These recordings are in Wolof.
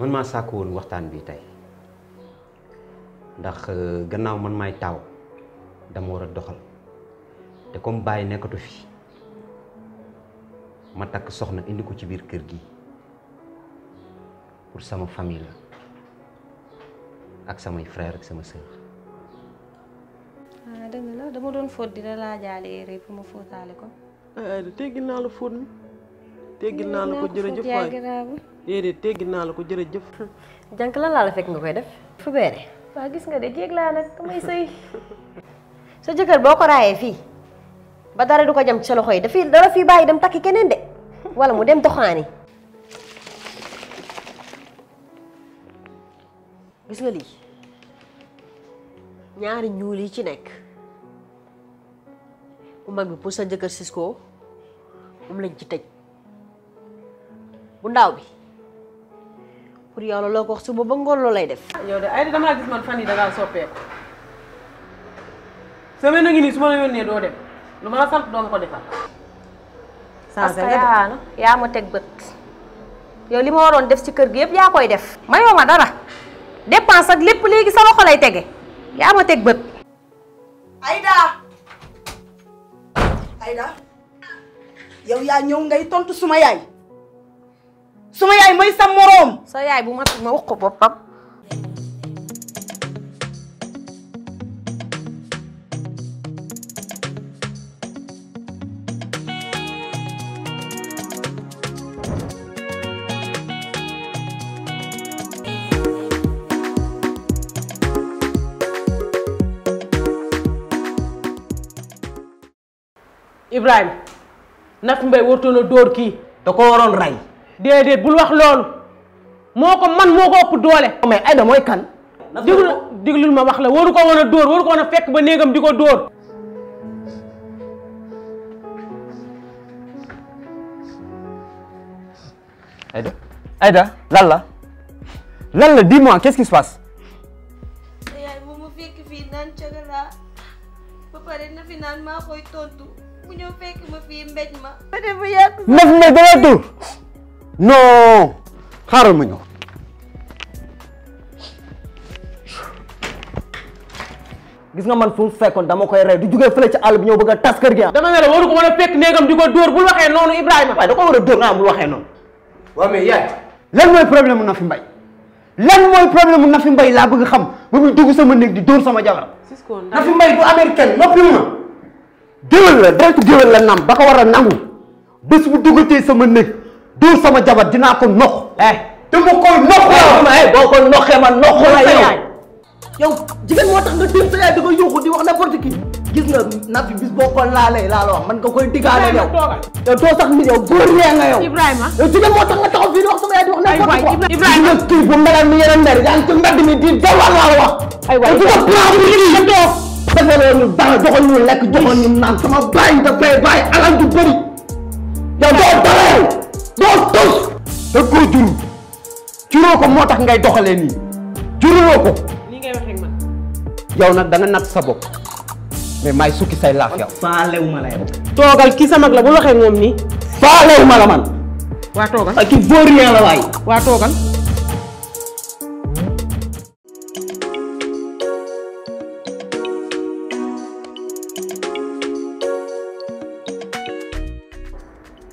man maa sàkk woon waxtaan bi tey ndax euh, gannaaw man maay taaw dama war a doxal te comme bàyyi nekkatu fi ma takk soxna indi ko ci biir kër gi pour sama famille la ak samay frère ak sama sœur. ah dama doon fóot dina laa jaale yére pour ma fóotaale ko. ah eh, eh, teggin la fóot mi. teggil naa la ko jërëjëf waay déedéet teggil naa la ko jërëjëf. jànk lan laa la fekk nga koy def. fu beere. gis nga de jéeg laa nag damay sëy. sa jëkkër boo ko raayee fii ba dara du ko jam ci sa loxo yi dafii dara fii bàyyi dem takk keneen de wala mu dem doxaani. gis nga lii ñaari ñuul yi ci nekk bu mag bi pour sa jëkkër Cisco moom lañ ci tëj. bu ndaw bi pour yow la loo ko wax suba ba ngoon loolu lay def. yow de ay damaa gis man fan yi da ngaa semaine ngi nii su ma la yónnee doo dem lu ma la sant doo ma ko defal. parce que yaa ma teg bët yow li ma waroon def ci kër gi yëpp yaa koy def. mayoo ma dara dépense ak lépp léegi sa loxo lay tege yaa ma teg bët. Aïda Aïda yow yaa ñëw ngay tontu suma yaay. suma yaay mooy sa moroom. yaay bu matul ma wax ko boppam. Ibrahima Naf Mbaye wartoon a dóor kii da ko waroon rey. dia bul wax lolou moko man moko upp ëpp doole. mais da moy kan. diglu diglul ma wax la woru ko wona dor woru ko wona fek ba negam diko dor Aida, Aida, Lala, Lala, dis-moi qu'est-ce qui se passe. yaay moom mu fekk fii naan cagala ba pare na ma fii mbéj ma. ba No, xaaral ma ñëw gis nga man fu fekkon dama koy rey du jugee fele ci àll bi bëgg a tas kër gi ah. dama ne waru ko mën fekk neegam di door bu waxe nonu Ibrahima. way da ko wara door nga bu waxe non wa mais yaay. lan moy problème na fi mbay lan moy problème na fi mbay la bëgg xam bu mu dugg sama neeg di door sama jabar. fi mbay bu américain noppi mu na. géwél la deretu géwél la nam ba ko wara nangu bés bu duggatee sama neeg duur sama jabar dinaa ko nox. Eh. te mu koy nox. waaw ma eh, noxu la jigéen moo tax nga diir sa yaay di wax n'importe qui gis nga na fi bis boo ko laalee laa la wax man nga koy digaale yow. yow doo sax mi yow góor ñee nga yow. Ibrahima yow jigéen moo tax nga taxaw fii di wax sama yaay di wax n'importe quoi. Ibrahima gis nga kii bu melal mi yeneen ndari yaa ngi ci mbedd mi di dawal laa la wax. nga plan bi defaloo ñu dara joxoon ñu lekk joxoon ñu naan sama bàyyi da koy bàyyi alal du bëri yow doo dara yow doo tos da koo jur juróo ko moo ngay doxalee nii juruloo ko. ni ngay waxee man. yow nag da nga natt sa bopp mais maay sukki say laaf yow. faalew ma la yow. toogal kii la bu waxee moom nii. faalew ma la man.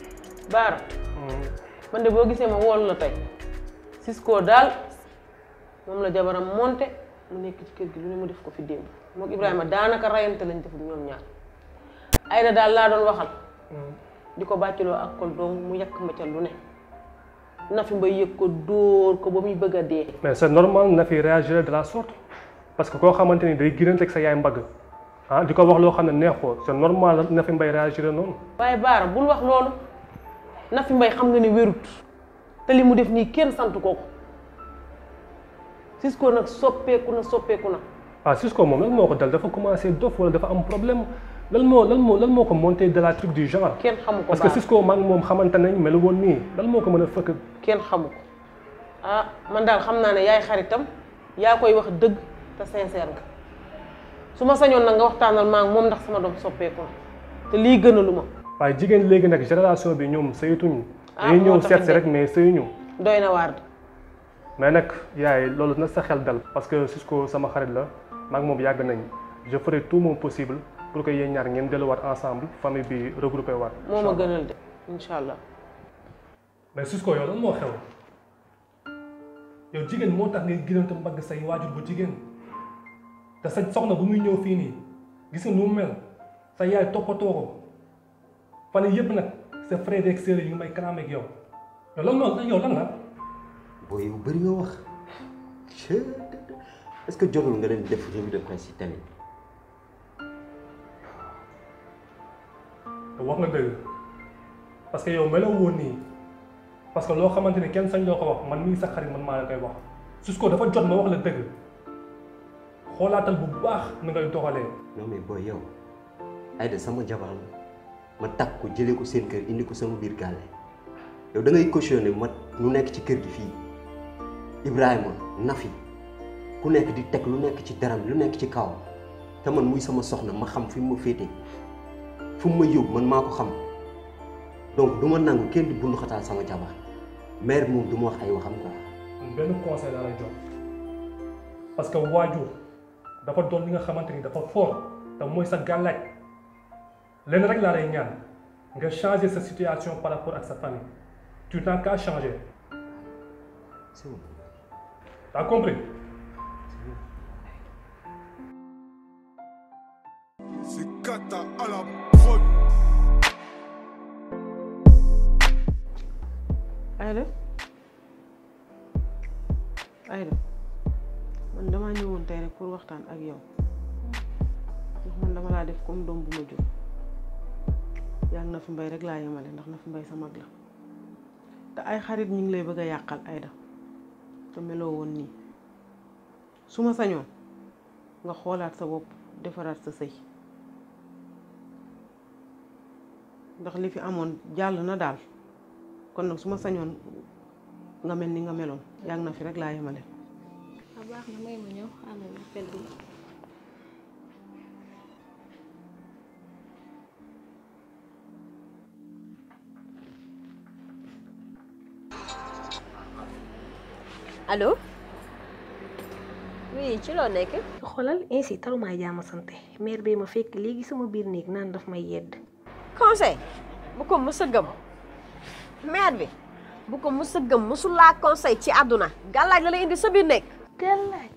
ak la Mm. man de boo gisee ma woolu la tey Cisco daal moom la jabaram monte mu nekk ci kër gi lu ne mu def ko fi démb mook Ibrahima daanaka rayante lañ def ñoom ñaar Aïda daal laa doon waxal mm. di ko bàcciloo ak kol donc mu yàq ma ca lu ne Nafi Mbaye yëg ko dóor ko ba muy bëgg a dee mais c'est normal Nafi réagir de la sorte parce que koo xamante ni day gënante ak sa yaay mbagg ah, di ko wax loo xam ne neexoo c'est normal Nafi Mbaye réagir noonu waaye Baara Nafi Mbaye xam nga ne wérut te li mu def nii kenn sant kooku Cisco nag soppeeku na soppeeku na. ah Cisco moom lan moo ko dal dafa commencé dof wala dafa am problème lan moo lan moo lan moo ko monté de la truc du genre. kenn xamu ko parce que Cisco maa ngi moom xamante nañ melu woon nii lan moo ko mën a fëkk. kenn xamu ko ah, man daal xam naa ne yaay xaritam yaa koy wax dëgg te sincère nga su ma sañoon nag nga waxtaanal maa ngi moom ndax sama doom soppeeku na te lii gënaluma. waaye jigéen léegi nag génération bi ñoom sëyituñu. ah moo ñëw seet si rek mais sëyuñu. doy na waar. mais nag yaay loolu na sa xel dal. parce que Cisco sama xarit la maag moom yàgg nañ je ferai tout moom possible pour que yéen ñaar ngeen dellu delluwaat ensemble famille bi regrouper waat. moo ma gënal de incha allah. mais Cisco yow lan moo xew yow jigéen moo tax ngay gënante mbagg say waajur bu jigéen te sa soxna bu muy ñëw fii nii gis nga mu mel Fale yebna sa frère ak sœur yi may clamé ak yo yo lan non yo lan la? Boy yu bari nga wax. Est-ce que jotul nga leen def revue de presse télé? Wax nga deug. Parce que yow melaw won ni. Parce que lo xamanteni kenn sañ loko wax man mi sa xarit man ma la koy wax. Susko dafa jot ma wax la deug. Xolaatal bu baax na ngay doxalee. Non mais boy yow. Aïda sama jabar la. ma takk ko jëlee ko seen kër indi ko sama biir gàlle yow da ngay cautionné ma ñu nekk ci kër gi fii Ibrahima Nafi ku nekk di teg lu nekk ci daram lu nekk ci kaw te man muy sama soxna ma xam fi mu ma féete fu ma yóbbu man maa ko xam donc du ma nangu kenn di bund sama jabar mère moom du ma wax ay waxam quoi. benn conseil laa lay jox parce que waajur dafa doon li nga xamante ni dafa fort te mooy sa gàllaaj Je de la de changer sa situation par rapport à sa famille tu n'as qu'à changer. c'est bon. Tu as compris. c'est Kata à la prod. allo rek pour ak yow dama comme un yàlla na fi mbay rek laa yemale ndax na fi mbay sa mag la te ay xarit ñu ngi lay bëgg a yàqal da te meloo woon nii su ma sañoon nga xoolaat sa bopp defaraat sa sëy ndax li fi amoon jàll na daal kon nag su ma sañoon nga mel ni nga meloon yàgg na fi rek laa yemale. Ah, baax na may ma ñëw allo oui ci loo nekk. xoolal ainsi talumaa jaama sante mère bi ma fekk léegi sama biir néeg naan dafa may yedd. conseil bu ko mës a bi bu ko mës a conseil ci àdduna gàllaaj la lay indi sa biir néeg. gàllaaj.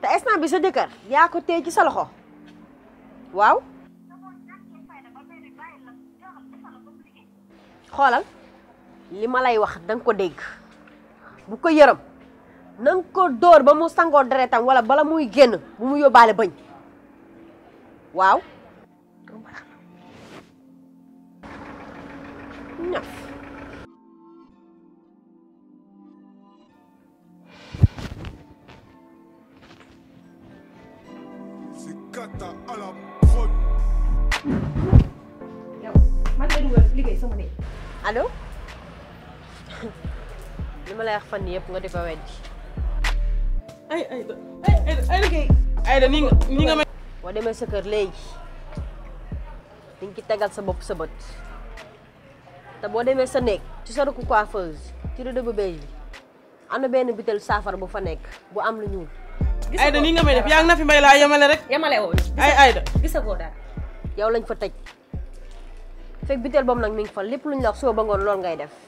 te instant bi sa jëkkër yaa ko téye ci sa loxo waaw. xoolal. lima lay wax dang ko deg bu ko yërëm nang ko dor ba mu sangoo deretam wala bala muy genn bu mu yobale bañ waw ñaf allo ma lay wax fan yëpp nga di ko weddi. ay ay ay ay nga ni nga may. boo demee sa kër léegi di nga tegal sa bopp sa bët te boo demee sa néeg ci sa rëkku ci rajo bu beige bi am na benn butéel saafara bu fa nekk bu am lu ñuul. da nii nga may def yaa ngi na fi mbay laa yemale rek. yemale woo ay ayda gisagoo dara. yow lañ fa tëj fekk butéel boobu nag mi ngi fa lépp lu ñu la soo suba ba ngoon loolu ngay def.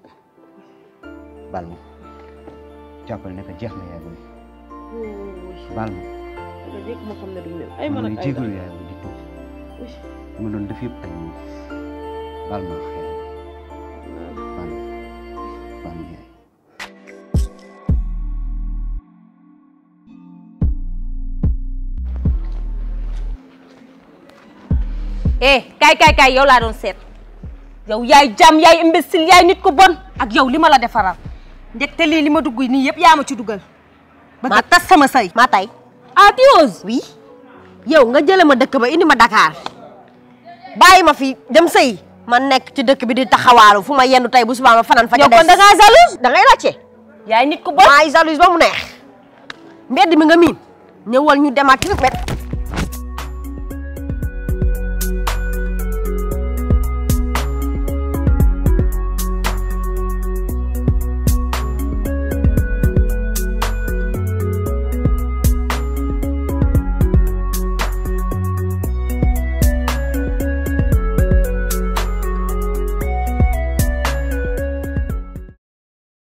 baal ma jàppal ne que jeex na yaay booy. baal ma. ma xam ne duñ yow laa doon seet yow yaay jaam yaay imbécile yaay nit ku bon ak yow li ma la defaral. njëkk te lii li ma dugg nii yëpp yaa ma ci dugal. ba tas sama say. ma tey ah Théose. yow nga jële ma dëkk ba indi ma Dakar bàyyi ma fi dem sëy ma nekk ci dëkk bi di taxawaalu fu ma yendu tey bu subaa ma fanaan fa des. yow kon da ngaa jalouse da ngay yaay nit ku bon maay jalouse ba mu neex. mbedd mi nga miin ñëwal ñu demaat ci rek